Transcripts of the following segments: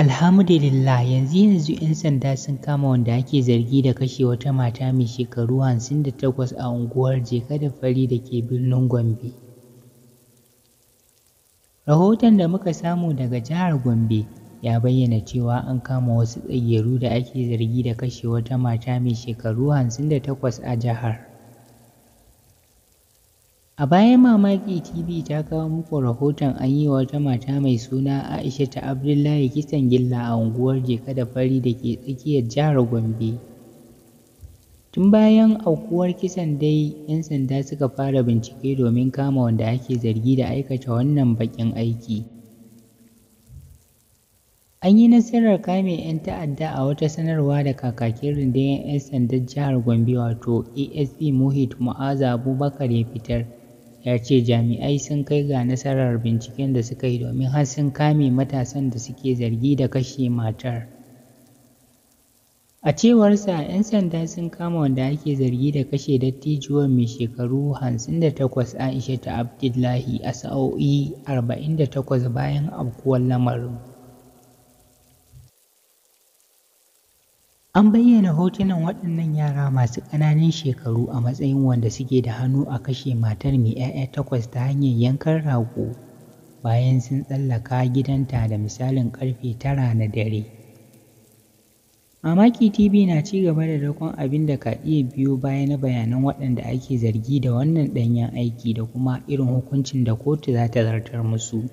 Alhamdulillah yanzu yanzu 'yan sanda sun kama wanda ake zargi da kashe wata mata mai shekaru da takwas a unguwar Jeka da Fari da ke birnin Gombe. Rahoton da muka samu daga jihar Gombe ya bayyana cewa an kama wasu tsayyaru da ake zargi da kashe wata mata mai shekaru da takwas a jihar. A bayan Mamaki TV ta kawo muku rahoton an yi wa wata mata mai suna Aishatu Abdullahi kisan gilla a unguwar Jeka da fari da ke tsakiyar jihar Gombe. Tun bayan aukuwar kisan dai 'yan sanda suka fara bincike domin kama wanda ake zargi da aikata wannan baƙin aiki. An yi nasarar kame 'yan ta'adda a wata sanarwa da kakakin rundunar 'yan sandan jihar Gombe wato ASP Muhit Mu'azabu Abubakar ya fitar. ya ce jami'ai sun kai ga nasarar binciken da suka yi domin har sun kame matasan da suke zargi da kashe matar a cewarsa 'yan sanda sun kama wanda ake zargi da kashe dattijuwar mai shekaru 58 aisha ta abdullahi a sa'o'i 48 bayan afkuwar lamarin An bayyana hotunan waɗannan yara masu ƙananan shekaru a matsayin wanda suke da hannu a kashe matar mai 'ya'ya takwas ta hanyar yankan rago bayan sun tsallaka gidanta da misalin ƙarfe tara na dare. Mamaki TV na ci gaba da dakon abin da ka iya biyo baya na bayanan waɗanda ake zargi da wannan ɗanyen aiki da kuma irin hukuncin da kotu za ta zartar musu.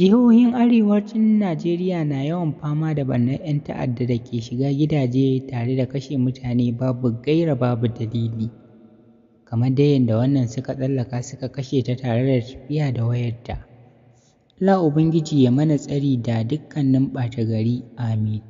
Jihohin Arewacin Najeriya na yawan fama da ɓarnar 'yan ta'adda da ke shiga gidaje tare da kashe mutane babu gaira babu dalili, kamar dai yadda wannan suka tsallaka suka kashe ta tare da tafiya da wayarta. Allah Ubangiji ya mana tsari da dukkanin ɓata-gari, amin.